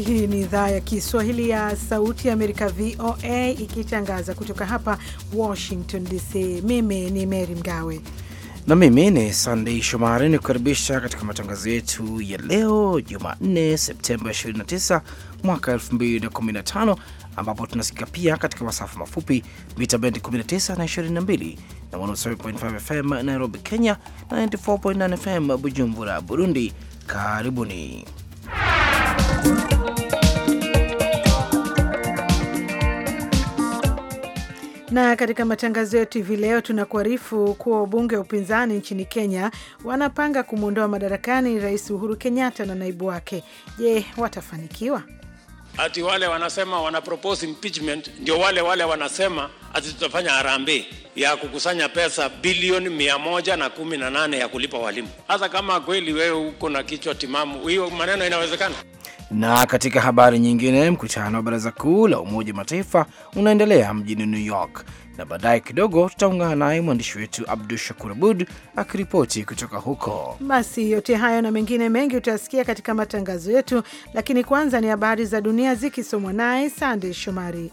Hii ni idhaa ya Kiswahili ya Sauti ya Amerika, VOA, ikitangaza kutoka hapa Washington DC. Mimi ni Mary Mgawe na mimi ni Sandei Shomari, ni kukaribisha katika matangazo yetu ya leo Jumanne, Septemba 29 mwaka 2015, ambapo tunasikika pia katika masafa mafupi mita bendi 19 na 22 na 107.5 FM Nairobi, Kenya na 94.9 FM Bujumbura, Burundi. Karibuni Na katika matangazo yetu hivi leo tunakuarifu kuwa wabunge wa upinzani nchini Kenya wanapanga kumwondoa madarakani Rais Uhuru Kenyatta na naibu wake. Je, watafanikiwa? Ati wale wanasema wana propose impeachment ndio wale wale wanasema ati tutafanya harambee ya kukusanya pesa bilioni mia moja na kumi na nane ya kulipa walimu. hasa kama kweli wewe uko na kichwa timamu, hiyo maneno inawezekana? Na katika habari nyingine, mkutano wa baraza kuu la Umoja wa Mataifa unaendelea mjini New York, na baadaye kidogo tutaungana naye mwandishi wetu Abdu Shakur Abud akiripoti kutoka huko. Basi yote hayo na mengine mengi utayasikia katika matangazo yetu, lakini kwanza ni habari za dunia zikisomwa naye Sandey Shomari.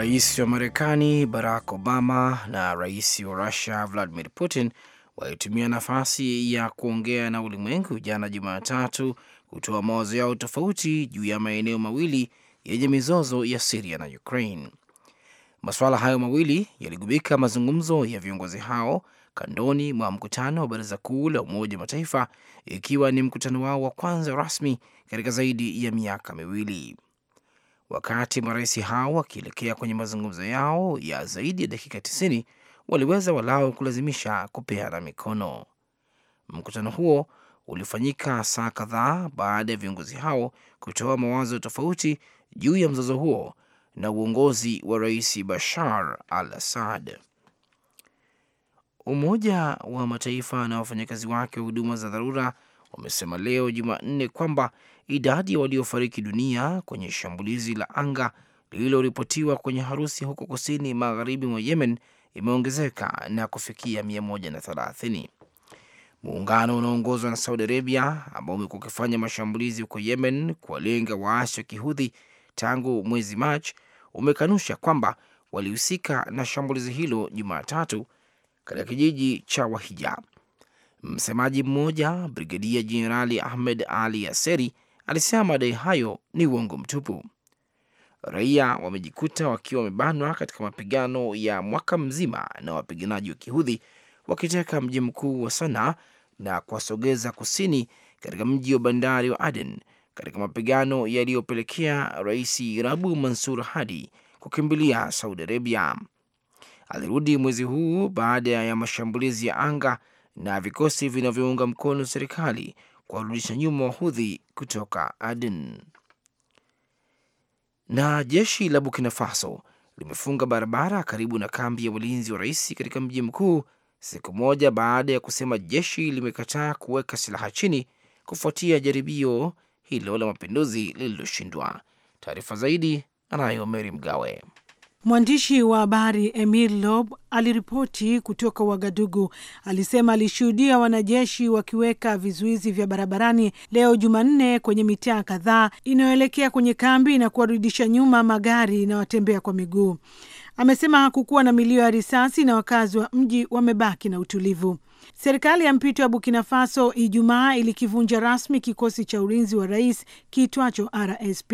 Rais wa Marekani Barack Obama na rais wa rusia Vladimir Putin walitumia nafasi ya kuongea na ulimwengu jana Jumatatu kutoa mawazo yao tofauti juu ya maeneo mawili yenye mizozo ya Siria na Ukraine. Masuala hayo mawili yaligubika mazungumzo ya viongozi hao kandoni mwa mkutano wa Baraza Kuu la Umoja wa Mataifa, ikiwa ni mkutano wao wa kwanza rasmi katika zaidi ya miaka miwili. Wakati marais hao wakielekea kwenye mazungumzo yao ya zaidi ya dakika 90 waliweza walao kulazimisha kupeana mikono. Mkutano huo ulifanyika saa kadhaa baada ya viongozi hao kutoa mawazo tofauti juu ya mzozo huo na uongozi wa Rais Bashar al-Assad. Umoja wa Mataifa na wafanyakazi wake wa huduma za dharura wamesema leo Jumanne kwamba idadi ya waliofariki dunia kwenye shambulizi la anga lililoripotiwa kwenye harusi huko kusini magharibi mwa Yemen imeongezeka na kufikia 130. Muungano unaoongozwa na Saudi Arabia ambao umekuwa ukifanya mashambulizi huko Yemen kuwalenga waasi wa kihudhi tangu mwezi Machi umekanusha kwamba walihusika na shambulizi hilo Jumatatu katika kijiji cha Wahija. Msemaji mmoja Brigedia Jenerali Ahmed Ali Yaseri alisema madai hayo ni uongo mtupu. Raia wamejikuta wakiwa wamebanwa katika mapigano ya mwaka mzima na wapiganaji wa kihudhi wakiteka mji mkuu wa Sanaa na kuwasogeza kusini katika mji wa bandari wa Aden katika mapigano yaliyopelekea Rais Rabu Mansur Hadi kukimbilia Saudi Arabia. Alirudi mwezi huu baada ya mashambulizi ya anga na vikosi vinavyounga mkono serikali kuwarudisha nyuma wahudhi kutoka Aden. Na jeshi la Burkina Faso limefunga barabara karibu na kambi ya walinzi wa rais katika mji mkuu siku moja baada ya kusema jeshi limekataa kuweka silaha chini kufuatia jaribio hilo la mapinduzi lililoshindwa. Taarifa zaidi anayo Meri Mgawe. Mwandishi wa habari Emil Lob aliripoti kutoka Wagadugu alisema alishuhudia wanajeshi wakiweka vizuizi vya barabarani leo Jumanne kwenye mitaa kadhaa inayoelekea kwenye kambi na kuwarudisha nyuma magari na watembea kwa miguu. Amesema hakukuwa na milio ya risasi na wakazi wa mji wamebaki na utulivu. Serikali ya mpito ya Burkina Faso Ijumaa ilikivunja rasmi kikosi cha ulinzi wa rais kiitwacho RSP.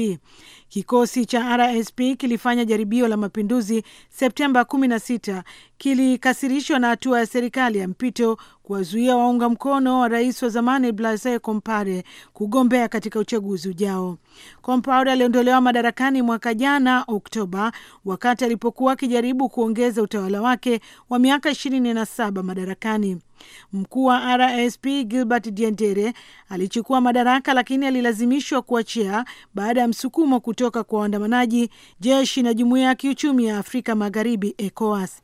Kikosi cha RSP kilifanya jaribio la mapinduzi Septemba 16, kilikasirishwa na hatua ya serikali ya mpito kuwazuia waunga mkono wa rais wa zamani Blaise Compaore kugombea katika uchaguzi ujao. Compaore aliondolewa madarakani mwaka jana Oktoba, wakati alipokuwa akijaribu kuongeza utawala wake wa miaka ishirini na saba madarakani. Mkuu wa RSP Gilbert Diendere alichukua madaraka lakini alilazimishwa kuachia baada ya msukumo kutoka kwa waandamanaji, jeshi na jumuiya ya kiuchumi ya Afrika Magharibi, ECOWAS.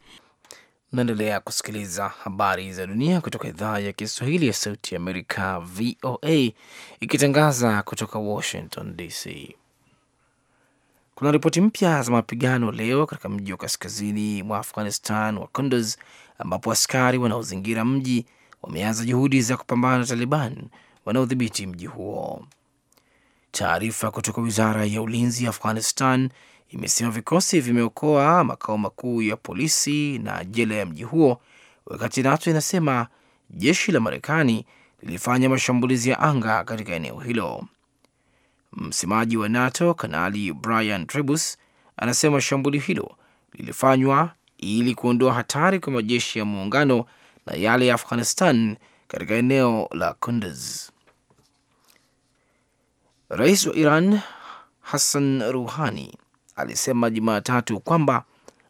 Naendelea kusikiliza habari za dunia kutoka idhaa ya Kiswahili ya Sauti ya Amerika, VOA, ikitangaza kutoka Washington DC. Kuna ripoti mpya za mapigano leo katika mji wa kaskazini mwa Afghanistan wa Kunduz, ambapo askari wanaozingira mji wameanza juhudi za kupambana na Taliban wanaodhibiti mji huo. Taarifa kutoka wizara ya ulinzi ya Afghanistan imesema vikosi vimeokoa makao makuu ya polisi na jela ya mji huo, wakati NATO inasema jeshi la Marekani lilifanya mashambulizi ya anga katika eneo hilo. Msemaji wa NATO Kanali Brian Trebus anasema shambuli hilo lilifanywa ili kuondoa hatari kwa majeshi ya muungano na yale ya Afghanistan katika eneo la Kunduz. Rais wa Iran Hassan Rouhani alisema Jumatatu kwamba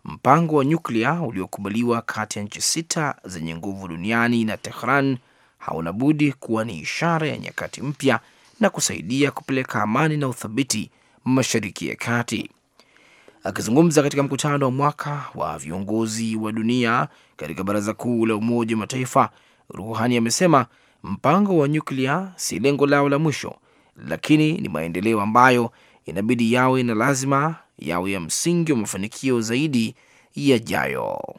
mpango wa nyuklia uliokubaliwa kati ya nchi sita zenye nguvu duniani na Tehran hauna budi kuwa ni ishara ya nyakati mpya na kusaidia kupeleka amani na uthabiti Mashariki ya Kati. Akizungumza katika mkutano wa mwaka wa viongozi wa dunia katika Baraza Kuu la Umoja wa Mataifa, Ruhani amesema mpango wa nyuklia si lengo lao la mwisho, lakini ni maendeleo ambayo inabidi yawe na lazima yawe ya msingi wa mafanikio zaidi yajayo.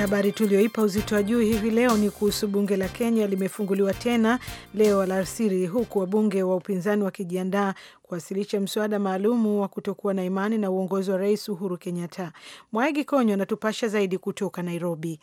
Habari tulioipa uzito wa juu hivi leo ni kuhusu bunge la Kenya limefunguliwa tena leo alasiri, huku wabunge wa upinzani wakijiandaa kuwasilisha mswada maalumu wa kutokuwa na imani na uongozi wa Rais Uhuru Kenyatta. Mwaegi Konyo anatupasha zaidi kutoka Nairobi.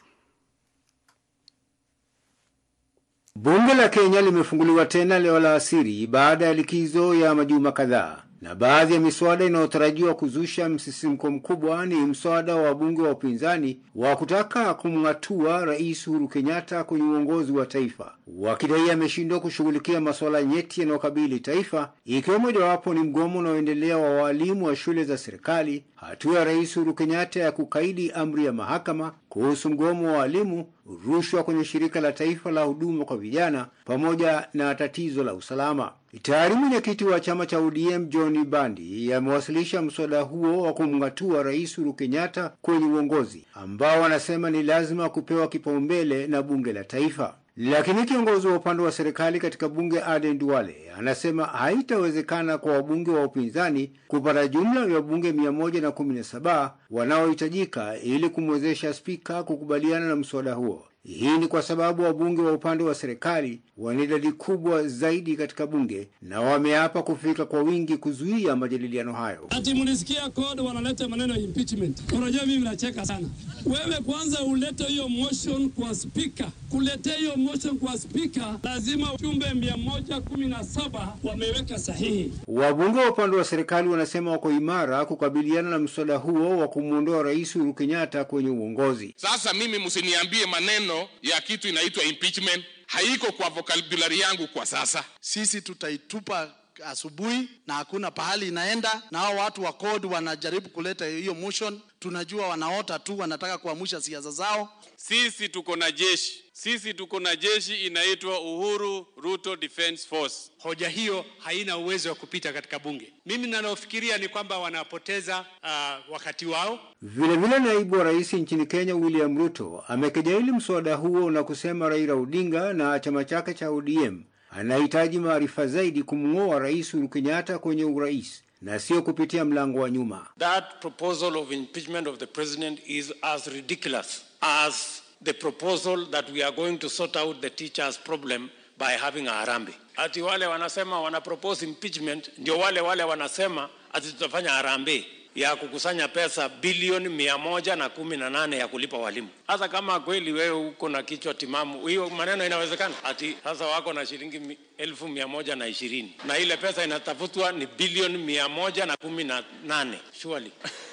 Bunge la Kenya limefunguliwa tena leo alasiri baada ya likizo ya majuma kadhaa. Na baadhi ya miswada inayotarajiwa kuzusha msisimko mkubwa ni mswada wa wabunge wa upinzani wa kutaka kumng'atua Rais Uhuru Kenyatta kwenye uongozi wa taifa, wakidai ameshindwa kushughulikia masuala nyeti yanayokabili taifa, ikiwa mojawapo ni mgomo unaoendelea wa waalimu wa shule za serikali hatua ya Rais Uhuru Kenyatta ya kukaidi amri ya mahakama kuhusu mgomo wa walimu, rushwa kwenye shirika la taifa la huduma kwa vijana, pamoja na tatizo la usalama. Tayari mwenyekiti wa chama cha ODM John Bandi amewasilisha mswada huo wa kumng'atua Rais Uhuru Kenyatta kwenye uongozi ambao anasema ni lazima kupewa kipaumbele na bunge la taifa. Lakini kiongozi wa upande wa serikali katika bunge Aden Duale anasema haitawezekana kwa wabunge wa upinzani kupata jumla ya wabunge 117 wanaohitajika ili kumwezesha spika kukubaliana na mswada huo. Hii ni kwa sababu wabunge wa upande wa serikali wana idadi kubwa zaidi katika bunge na wameapa kufika kwa wingi kuzuia majadiliano hayo. Ati mlisikia code wanaleta maneno ya impeachment. Unajua mimi nacheka sana. Wewe kwanza ulete hiyo motion kwa spika. kulete hiyo motion kwa spika lazima wajumbe 117 wameweka sahihi. Wabunge wa upande wa serikali wanasema wako imara kukabiliana na mswada huo wa kumwondoa Rais Uhuru Kenyatta kwenye uongozi. Sasa mimi msiniambie maneno maneno ya kitu inaitwa impeachment haiko kwa vocabulary yangu kwa sasa. Sisi tutaitupa asubuhi na hakuna pahali inaenda, na hao watu wa CORD wanajaribu kuleta hiyo motion. Tunajua wanaota tu, wanataka kuamsha siasa zao. Sisi tuko na jeshi, sisi tuko na jeshi inaitwa Uhuru Ruto Defense Force. Hoja hiyo haina uwezo wa kupita katika bunge. Mimi ninalofikiria ni kwamba wanapoteza uh, wakati wao. Vilevile, naibu wa rais nchini Kenya William Ruto amekejaili mswada huo na kusema Raila Odinga na chama chake cha ODM Anahitaji maarifa zaidi kumng'oa Rais Uhuru Kenyatta kwenye urais na sio kupitia mlango wa nyuma. That proposal of impeachment of the president is as ridiculous as the proposal that we are going to sort out the teachers problem by having a harambee. Ati wale wanasema wana propose impeachment ndio wale wale wanasema ati tutafanya harambee ya kukusanya pesa bilioni mia moja na kumi na nane ya kulipa walimu. hasa kama kweli wewe uko na kichwa timamu, hiyo maneno inawezekana? Ati sasa wako na shilingi elfu mia moja na ishirini na ile pesa inatafutwa ni bilioni mia moja na kumi na nane surely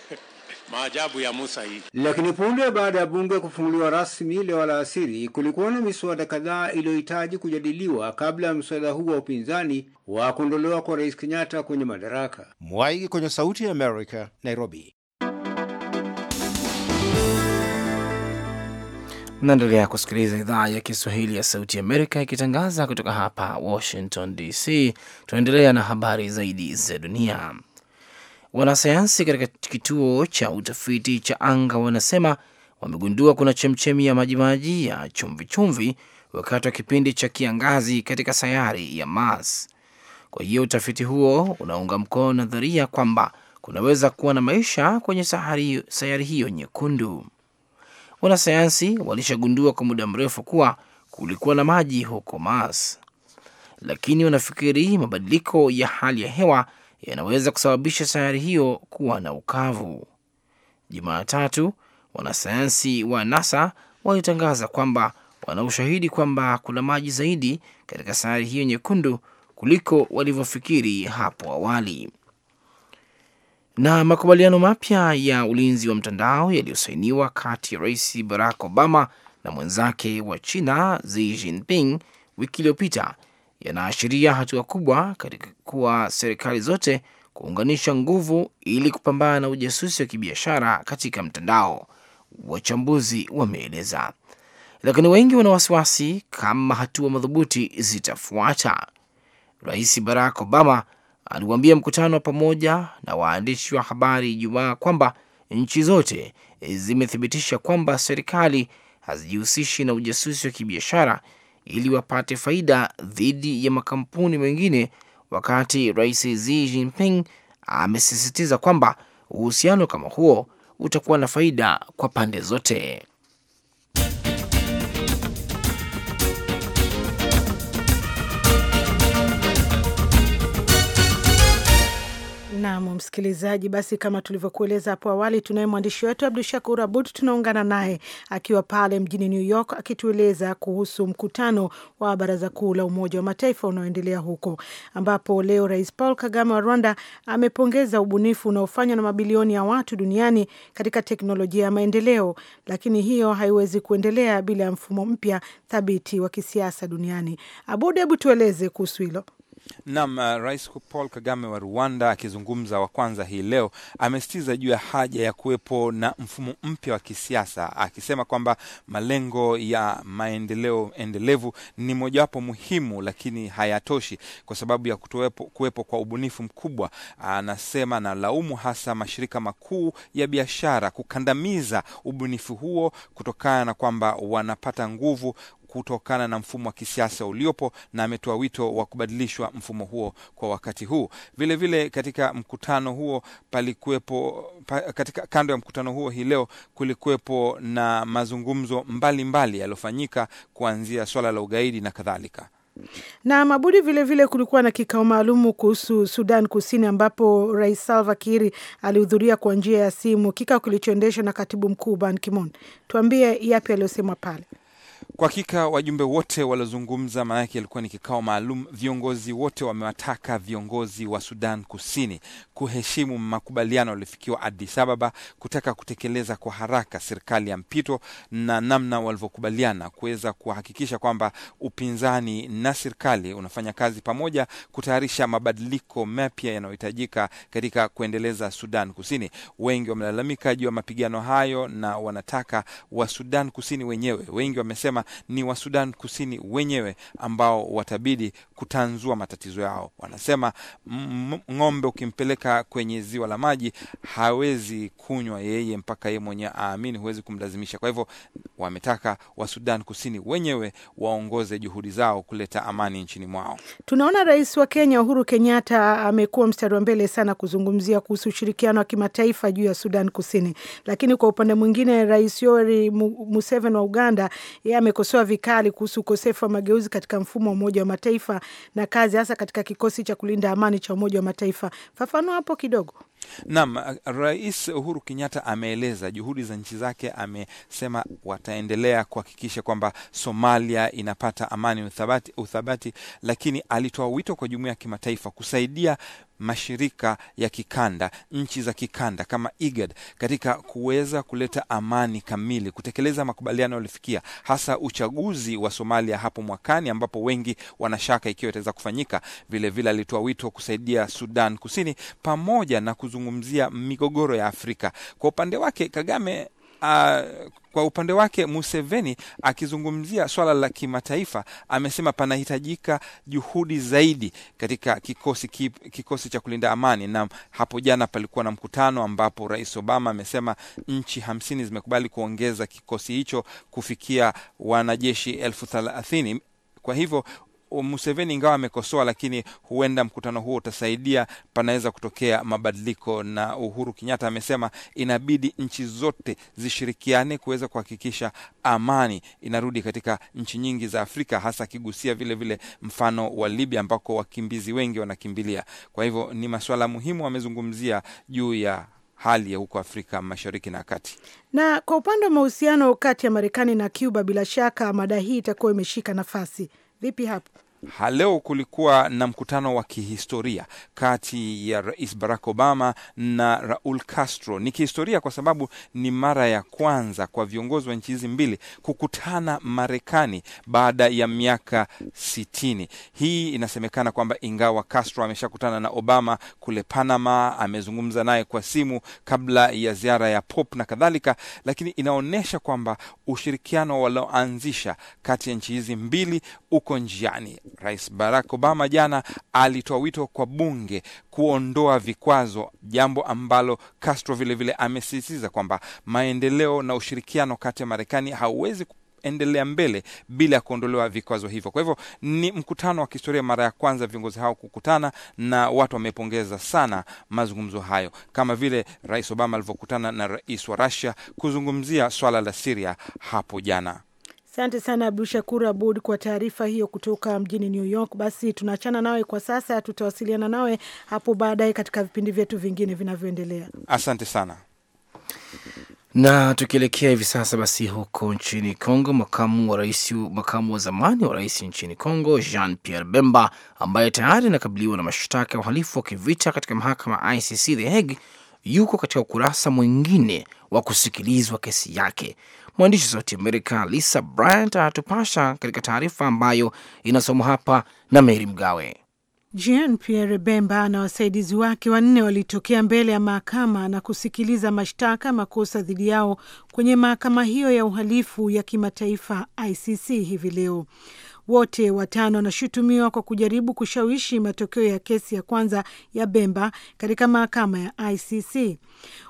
maajabu ya Musa hii. Lakini punde baada ya bunge kufunguliwa rasmi leo alasiri, kulikuwa na miswada kadhaa iliyohitaji kujadiliwa kabla ya mswada huu wa upinzani wa kuondolewa kwa Rais Kenyatta kwenye madaraka. Mwaigi kwenye Sauti ya Amerika, Nairobi. Naendelea kusikiliza idhaa ya Kiswahili ya Sauti Amerika ikitangaza kutoka hapa Washington DC. Tunaendelea na habari zaidi za dunia. Wanasayansi katika kituo cha utafiti cha anga wanasema wamegundua kuna chemchemi ya majimaji ya chumvichumvi wakati wa kipindi cha kiangazi katika sayari ya Mars. Kwa hiyo utafiti huo unaunga mkono nadharia kwamba kunaweza kuwa na maisha kwenye sahari, sayari hiyo nyekundu. Wanasayansi walishagundua kwa muda mrefu kuwa kulikuwa na maji huko Mars, lakini wanafikiri mabadiliko ya hali ya hewa yanaweza kusababisha sayari hiyo kuwa na ukavu. Jumatatu, wanasayansi wa NASA walitangaza kwamba wana ushahidi kwamba kuna maji zaidi katika sayari hiyo nyekundu kuliko walivyofikiri hapo awali. Na makubaliano mapya ya ulinzi wa mtandao yaliyosainiwa kati ya Rais Barack Obama na mwenzake wa China Xi Jinping wiki iliyopita yanaashiria hatua kubwa katika kuwa serikali zote kuunganisha nguvu ili kupambana na ujasusi wa kibiashara katika mtandao, wachambuzi wameeleza. Lakini wengi wana wasiwasi kama hatua madhubuti zitafuata. Rais Barack Obama aliwaambia mkutano wa pamoja na waandishi wa habari Ijumaa kwamba nchi zote zimethibitisha kwamba serikali hazijihusishi na ujasusi wa kibiashara ili wapate faida dhidi ya makampuni mengine, wakati Rais Xi Jinping amesisitiza kwamba uhusiano kama huo utakuwa na faida kwa pande zote. Nam msikilizaji, basi kama tulivyokueleza hapo awali, tunaye mwandishi wetu Abdu Shakur Abud. Tunaungana naye akiwa pale mjini New York akitueleza kuhusu mkutano wa Baraza Kuu la Umoja wa Mataifa unaoendelea huko, ambapo leo Rais Paul Kagame wa Rwanda amepongeza ubunifu unaofanywa na mabilioni ya watu duniani katika teknolojia ya maendeleo, lakini hiyo haiwezi kuendelea bila ya mfumo mpya thabiti wa kisiasa duniani. Abud, hebu tueleze kuhusu hilo. Naam, uh, Rais Paul Kagame wa Rwanda akizungumza wa kwanza hii leo amesitiza juu ya haja ya kuwepo na mfumo mpya wa kisiasa, akisema kwamba malengo ya maendeleo endelevu ni mojawapo muhimu, lakini hayatoshi kwa sababu ya kutowepo, kuwepo kwa ubunifu mkubwa. Anasema na laumu hasa mashirika makuu ya biashara kukandamiza ubunifu huo kutokana na kwamba wanapata nguvu kutokana na mfumo wa kisiasa uliopo, na ametoa wito wa kubadilishwa mfumo huo kwa wakati huu. Vilevile vile katika mkutano huo palikuwepo pa, katika kando ya mkutano huo hii leo kulikuwepo na mazungumzo mbalimbali yaliyofanyika kuanzia swala la ugaidi na kadhalika na Mabudi vilevile vile kulikuwa na kikao maalumu kuhusu Sudan Kusini ambapo Rais Salva Kiir alihudhuria kwa njia ya simu, kikao kilichoendeshwa na katibu mkuu Ban Ki-moon. Tuambie yapi aliyosema pale. Kwa hakika wajumbe wote waliozungumza, maanake ilikuwa ni kikao maalum. Viongozi wote wamewataka viongozi wa Sudan Kusini kuheshimu makubaliano yaliyofikiwa Addis Ababa, kutaka kutekeleza kwa haraka serikali ya mpito na namna walivyokubaliana, kuweza kuhakikisha kwamba upinzani na serikali unafanya kazi pamoja kutayarisha mabadiliko mapya yanayohitajika katika kuendeleza Sudan Kusini. Wengi wamelalamika juu ya mapigano hayo na wanataka wa Sudan Kusini wenyewe, wengi wamesema ni wa Sudan Kusini wenyewe ambao watabidi kutanzua matatizo yao. Wanasema ng'ombe ukimpeleka kwenye ziwa la maji hawezi kunywa yeye mpaka yeye mwenyewe aamini, huwezi kumlazimisha. Kwa hivyo wametaka wa Sudan Kusini wenyewe waongoze juhudi zao kuleta amani nchini mwao. Tunaona rais wa Kenya Uhuru Kenyatta amekuwa mstari wa mbele sana kuzungumzia kuhusu ushirikiano wa kimataifa juu ya Sudan Kusini, lakini kwa upande mwingine rais Yoweri Museveni wa Uganda yeye amekosoa vikali kuhusu ukosefu wa mageuzi katika mfumo wa Umoja wa Mataifa na kazi hasa katika kikosi cha kulinda amani cha Umoja wa Mataifa. Fafanua hapo kidogo. Naam, Rais Uhuru Kenyatta ameeleza juhudi za nchi zake. Amesema wataendelea kuhakikisha kwamba Somalia inapata amani uthabati, uthabati, lakini alitoa wito kwa jumuiya ya kimataifa kusaidia mashirika ya kikanda, nchi za kikanda kama IGAD katika kuweza kuleta amani kamili, kutekeleza makubaliano yaliyofikia, hasa uchaguzi wa Somalia hapo mwakani, ambapo wengi wanashaka ikiwa itaweza kufanyika. Vilevile alitoa wito kusaidia Sudan Kusini pamoja na kuzungumzia migogoro ya Afrika. Kwa upande wake Kagame Uh, kwa upande wake Museveni akizungumzia swala la kimataifa amesema panahitajika juhudi zaidi katika kikosi, kikosi cha kulinda amani. Na hapo jana palikuwa na mkutano ambapo Rais Obama amesema nchi hamsini zimekubali kuongeza kikosi hicho kufikia wanajeshi elfu thelathini. Kwa hivyo Museveni ingawa amekosoa, lakini huenda mkutano huo utasaidia, panaweza kutokea mabadiliko. Na Uhuru Kenyatta amesema inabidi nchi zote zishirikiane kuweza kuhakikisha amani inarudi katika nchi nyingi za Afrika, hasa akigusia vile vile mfano wa Libya ambako wakimbizi wengi wanakimbilia. Kwa hivyo ni masuala muhimu amezungumzia juu ya hali ya huko Afrika Mashariki na Kati. Na kwa upande wa mahusiano kati ya Marekani na Cuba, bila shaka mada hii itakuwa imeshika nafasi. Vipi hapo? Leo kulikuwa na mkutano wa kihistoria kati ya Rais Barack Obama na Raul Castro. Ni kihistoria kwa sababu ni mara ya kwanza kwa viongozi wa nchi hizi mbili kukutana Marekani baada ya miaka sitini. Hii inasemekana kwamba ingawa Castro ameshakutana na Obama kule Panama, amezungumza naye kwa simu kabla ya ziara ya Pope na kadhalika, lakini inaonyesha kwamba ushirikiano walioanzisha kati ya nchi hizi mbili uko njiani. Rais Barack Obama jana alitoa wito kwa bunge kuondoa vikwazo, jambo ambalo Castro vilevile amesisitiza kwamba maendeleo na ushirikiano kati ya Marekani hauwezi endelea mbele bila ya kuondolewa vikwazo hivyo. Kwa hivyo ni mkutano wa kihistoria, mara ya kwanza viongozi hao kukutana, na watu wamepongeza sana mazungumzo hayo, kama vile Rais Obama alivyokutana na rais wa Russia kuzungumzia swala la siria hapo jana. Asante sana Abdu Shakur Abud kwa taarifa hiyo kutoka mjini New York. Basi tunaachana nawe kwa sasa, tutawasiliana nawe hapo baadaye katika vipindi vyetu vingine vinavyoendelea. Asante sana. Na tukielekea hivi sasa basi huko nchini Kongo, makamu wa rais, makamu wa zamani wa rais nchini Kongo Jean Pierre Bemba ambaye tayari anakabiliwa na mashtaka ya uhalifu wa kivita katika mahakama ICC The Hague, yuko katika ukurasa mwingine wa kusikilizwa kesi yake Mwandishi wa Sauti Amerika Lisa Bryant anatupasha katika taarifa ambayo inasomwa hapa na Meri Mgawe. Jean Pierre Bemba na wasaidizi wake wanne walitokea mbele ya mahakama na kusikiliza mashtaka makosa dhidi yao kwenye mahakama hiyo ya uhalifu ya kimataifa ICC hivi leo. Wote watano wanashutumiwa kwa kujaribu kushawishi matokeo ya kesi ya kwanza ya Bemba katika mahakama ya ICC.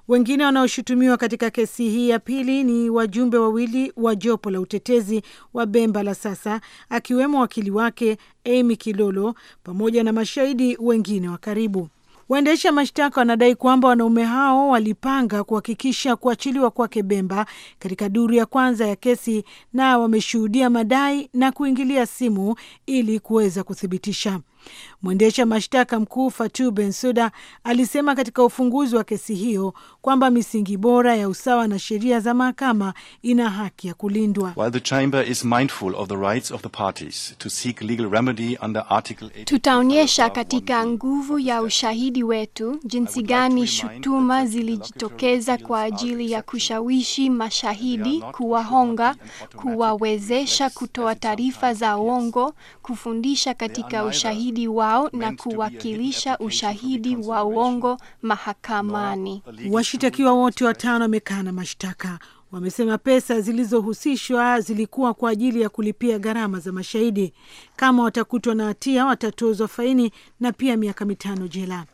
Wengine wanaoshutumiwa katika kesi hii ya pili ni wajumbe wawili wa jopo la utetezi wa Bemba la sasa, akiwemo wakili wake Amy Kilolo pamoja na mashahidi wengine wa karibu. Waendesha mashtaka wanadai kwamba wanaume hao walipanga kuhakikisha kuachiliwa kwake Bemba katika duru ya kwanza ya kesi, na wameshuhudia madai na kuingilia simu ili kuweza kuthibitisha. Mwendesha mashtaka mkuu fatu bensuda alisema katika ufunguzi wa kesi hiyo kwamba misingi bora ya usawa na sheria za mahakama ina haki ya kulindwa. Tutaonyesha katika nguvu ya ushahidi wetu jinsi gani shutuma zilijitokeza kwa ajili ya kushawishi mashahidi, kuwahonga, kuwawezesha kutoa taarifa za uongo, kufundisha katika ushahidi ushahidi wao na kuwakilisha ushahidi wa uongo mahakamani. Washitakiwa wote watano wamekana mashtaka. Wamesema pesa zilizohusishwa zilikuwa kwa ajili ya kulipia gharama za mashahidi. Kama watakutwa na hatia, watatozwa faini na pia miaka mitano jela.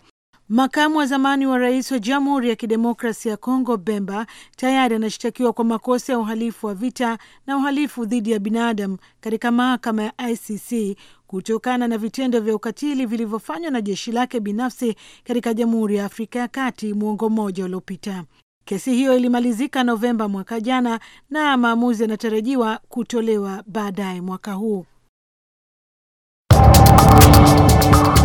Makamu wa zamani wa rais wa Jamhuri ya Kidemokrasi ya Kongo Bemba tayari anashtakiwa kwa makosa ya uhalifu wa vita na uhalifu dhidi ya binadamu katika mahakama ya ICC kutokana na vitendo vya ukatili vilivyofanywa na jeshi lake binafsi katika Jamhuri ya Afrika ya Kati mwongo mmoja uliopita. Kesi hiyo ilimalizika Novemba mwaka jana na maamuzi yanatarajiwa kutolewa baadaye mwaka huu.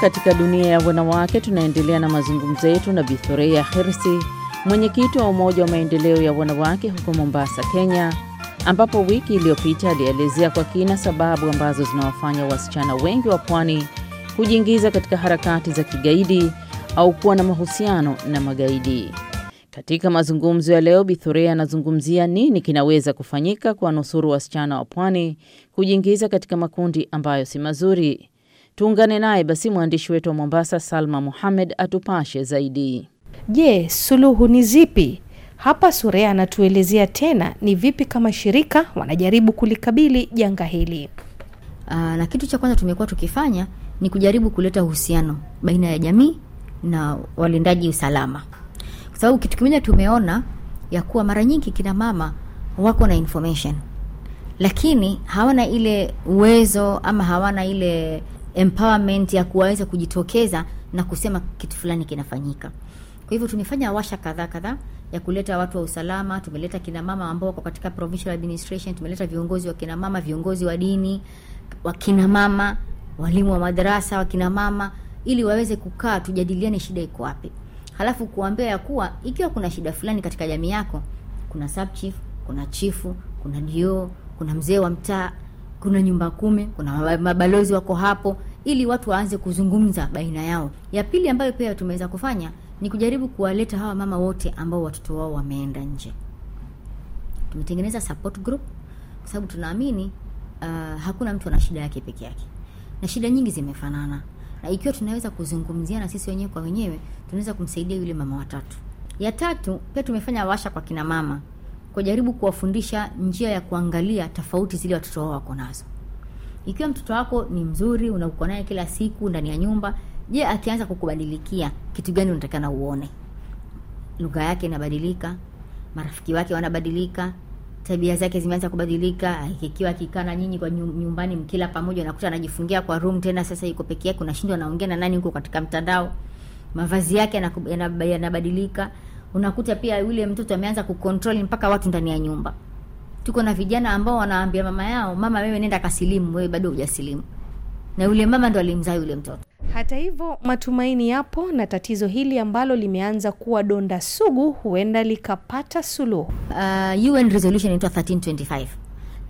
katika dunia ya wanawake, tunaendelea na mazungumzo yetu na Bithureia Hirsi, mwenyekiti wa Umoja wa Maendeleo ya Wanawake huko Mombasa, Kenya, ambapo wiki iliyopita alielezea kwa kina sababu ambazo zinawafanya wasichana wengi wa pwani kujiingiza katika harakati za kigaidi au kuwa na mahusiano na magaidi. Katika mazungumzo ya leo, Bithurea anazungumzia nini kinaweza kufanyika kuwanusuru wasichana wa pwani kujiingiza katika makundi ambayo si mazuri. Tuungane naye basi mwandishi wetu wa Mombasa, Salma Muhamed, atupashe zaidi. Je, suluhu ni zipi? Hapa Surea anatuelezea tena ni vipi kama shirika wanajaribu kulikabili janga hili. Aa, ah, na kitu cha kwanza tumekuwa tukifanya ni kujaribu kuleta uhusiano baina ya jamii na walindaji usalama, kwa sababu kitu kimoja tumeona ya kuwa mara nyingi kina mama wako na information lakini hawana ile uwezo ama hawana ile empowerment ya kuwaweza kujitokeza na kusema kitu fulani kinafanyika. Kwa hivyo tumefanya washa kadhaa kadhaa ya kuleta watu wa usalama, tumeleta kina mama ambao wako katika provincial administration, tumeleta viongozi wa kina mama, viongozi wa dini, wa kina mama, walimu wa madarasa, wa kina mama ili waweze kukaa tujadiliane shida iko wapi. Halafu kuambia ya kuwa ikiwa kuna shida fulani katika jamii yako, kuna sub chief, kuna chifu, kuna dio kuna mzee wa mtaa, kuna nyumba kumi, kuna mabalozi wako hapo, ili watu waanze kuzungumza baina yao. Ya pili ambayo pia tumeweza kufanya ni kujaribu kuwaleta hawa mama wote ambao watoto wao wameenda nje. Tumetengeneza support group kwa sababu tunaamini uh, hakuna mtu ana shida yake peke yake, na shida nyingi zimefanana, na ikiwa tunaweza kuzungumziana sisi wenyewe kwa wenyewe, tunaweza kumsaidia yule mama watatu. Ya tatu pia tumefanya washa kwa kina mama, kujaribu kuwafundisha njia ya kuangalia tofauti zile watoto wao wako nazo ikiwa mtoto wako ni mzuri unakuwa naye kila siku ndani ya nyumba je akianza kukubadilikia kitu gani unatakana uone lugha yake inabadilika marafiki wake wanabadilika tabia zake zimeanza kubadilika ikiwa akikaa na nyinyi kwa nyumbani mkila pamoja unakuta anajifungia kwa room tena sasa yuko peke yake unashindwa anaongea na nani huko katika mtandao mavazi yake yanabadilika unakuta pia yule mtoto ameanza kukontrol mpaka watu ndani ya nyumba tuko na vijana ambao wanaambia mama yao, mama, wewe nenda kasilimu, wewe bado hujasilimu, na yule mama ndo alimzaa yule mtoto. Hata hivyo matumaini yapo, na tatizo hili ambalo limeanza kuwa donda sugu huenda likapata suluhu. Uh, UN resolution inaitwa 1325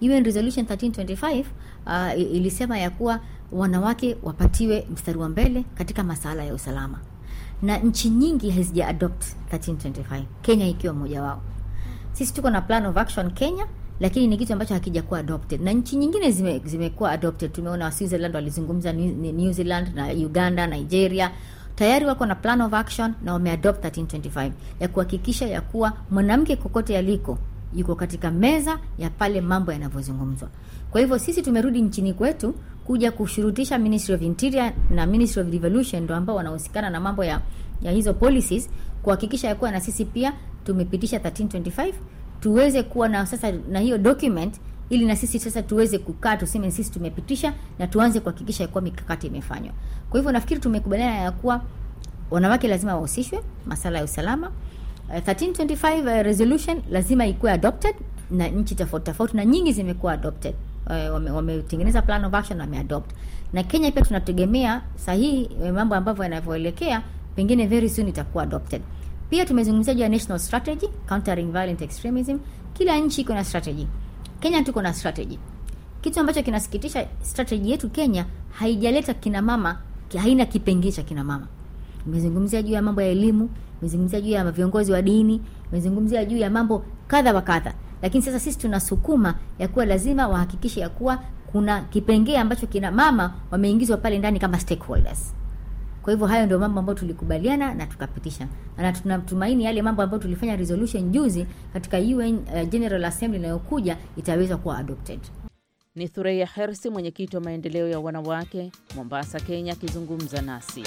UN resolution 1325 uh, ilisema ya kuwa wanawake wapatiwe mstari wa mbele katika masala ya usalama, na nchi nyingi hazija adopt 1325, Kenya ikiwa mmoja wao. Sisi tuko na plan of action Kenya lakini ni kitu ambacho hakijakuwa adopted na nchi nyingine zime, zimekuwa adopted tumeona wa switzerland walizungumza new, new zealand na uganda nigeria tayari wako na plan of action na wameadopt 1325 ya kuhakikisha ya kuwa mwanamke kokote aliko yuko katika meza ya pale mambo yanavyozungumzwa kwa hivyo sisi tumerudi nchini kwetu kuja kushurutisha ministry of interior na ministry of revolution ndo ambao wanahusikana na mambo ya, ya hizo policies kuhakikisha ya kuwa na sisi pia tumepitisha 1325 tuweze kuwa na sasa na hiyo document ili na sisi sasa tuweze kukaa tuseme sisi tumepitisha na tuanze kuhakikisha kuwa mikakati imefanywa kwa hivyo nafikiri tumekubaliana ya kuwa wanawake lazima wahusishwe masala ya usalama uh, 1325 uh, resolution lazima ikuwe adopted na nchi tofauti tofauti na nyingi zimekuwa adopted uh, wametengeneza wame plan of action na wameadopt na kenya pia tunategemea sahihi eh, mambo ambavyo yanavyoelekea pengine very soon itakuwa adopted pia tumezungumzia juu ya national strategy countering violent extremism. Kila nchi iko na strategy. Kenya tuko na strategy. Kitu ambacho kinasikitisha, strategy yetu Kenya haijaleta kina mama, haina kipengee cha kina mama. Nimezungumzia juu ya mambo ya elimu, nimezungumzia juu ya viongozi wa dini, nimezungumzia juu ya mambo kadha wa kadha, lakini sasa sisi tunasukuma ya kuwa lazima wahakikishe ya kuwa kuna kipengee ambacho kina mama wameingizwa pale ndani kama stakeholders. Kwa hivyo hayo ndio mambo ambayo tulikubaliana na tukapitisha, na tunatumaini yale mambo ambayo tulifanya resolution juzi katika UN uh, General Assembly inayokuja itaweza kuwa adopted. Ni Thureia Hersi, mwenyekiti wa maendeleo ya wanawake Mombasa, Kenya, akizungumza nasi.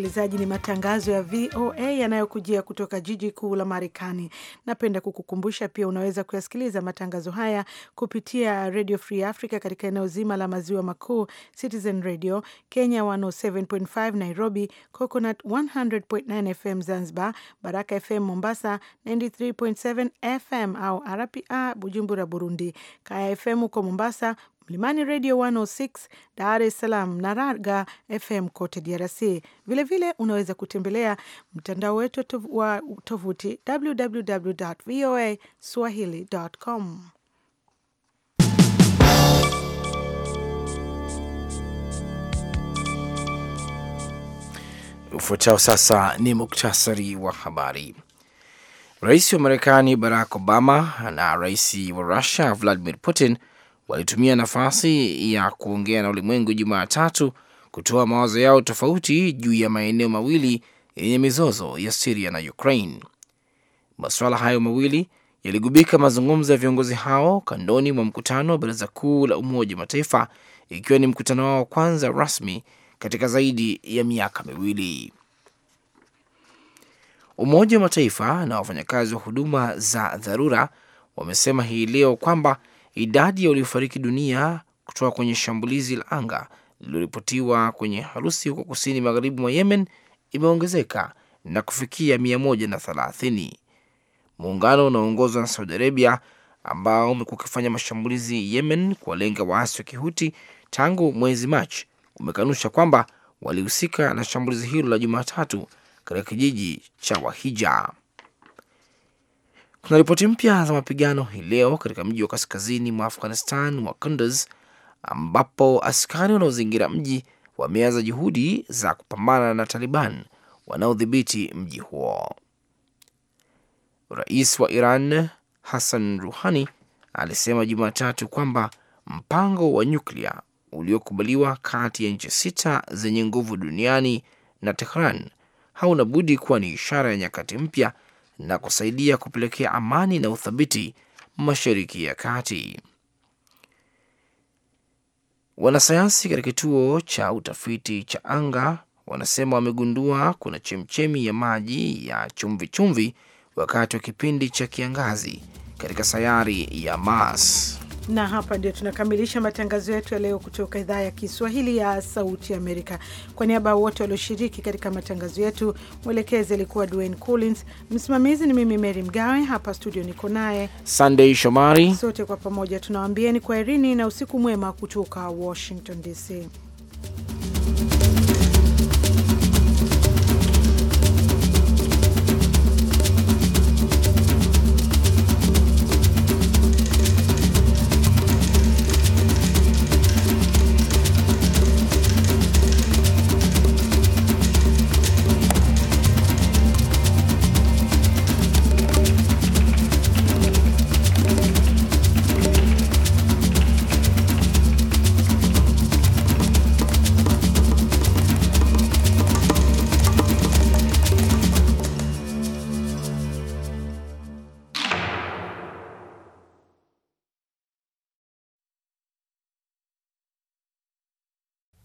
msikilizaji, ni matangazo ya VOA yanayokujia kutoka jiji kuu la Marekani. Napenda kukukumbusha pia unaweza kuyasikiliza matangazo haya kupitia Radio Free Africa katika eneo zima la maziwa makuu, Citizen Radio Kenya 107.5 Nairobi, Coconut 100.9 FM Zanzibar, Baraka FM Mombasa 93.7 FM au RPR Bujumbura Burundi, Kaya FM huko Mombasa Mlimani Radio 106 Dar es Salaam na Raga FM kote DRC. Vilevile vile unaweza kutembelea mtandao wetu wa tovuti www voa swahili.com. Ufuatao sasa ni muktasari wa habari. Rais wa Marekani Barack Obama na rais wa Russia Vladimir Putin walitumia nafasi ya kuongea na ulimwengu Jumatatu kutoa mawazo yao tofauti juu ya maeneo mawili yenye mizozo ya Siria na Ukraine. Masuala hayo mawili yaligubika mazungumzo ya viongozi hao kandoni mwa mkutano wa Baraza Kuu la Umoja wa Mataifa, ikiwa ni mkutano wao wa kwanza rasmi katika zaidi ya miaka miwili. Umoja wa Mataifa na wafanyakazi wa huduma za dharura wamesema hii leo kwamba idadi ya waliofariki dunia kutoka kwenye shambulizi la anga lililoripotiwa kwenye harusi huko kusini magharibi mwa Yemen imeongezeka na kufikia 130. Muungano unaoongozwa na Saudi Arabia ambao umekuwa ukifanya mashambulizi Yemen kuwalenga waasi wa Kihuti tangu mwezi Machi umekanusha kwamba walihusika na shambulizi hilo la Jumatatu katika kijiji cha Wahija. Kuna ripoti mpya za mapigano hii leo katika mji wa kaskazini mwa Afghanistan wa Kunduz, ambapo askari wanaozingira mji wameanza juhudi za kupambana na Taliban wanaodhibiti mji huo. Rais wa Iran Hassan Ruhani alisema Jumatatu kwamba mpango wa nyuklia uliokubaliwa kati ya nchi sita zenye nguvu duniani na Tehran hauna budi kuwa ni ishara ya nyakati mpya na kusaidia kupelekea amani na uthabiti Mashariki ya Kati. Wanasayansi katika kituo cha utafiti cha anga wanasema wamegundua kuna chemchemi ya maji ya chumvi chumvi wakati wa kipindi cha kiangazi katika sayari ya Mars na hapa ndio tunakamilisha matangazo yetu ya leo kutoka idhaa ya Kiswahili ya Sauti Amerika. Kwa niaba ya wote walioshiriki katika matangazo yetu, mwelekezi alikuwa Dwayne Collins, msimamizi ni mimi Mary Mgawe, hapa studio niko naye Sunday Shomari. Sote kwa pamoja tunawaambieni kwaherini na usiku mwema kutoka Washington DC.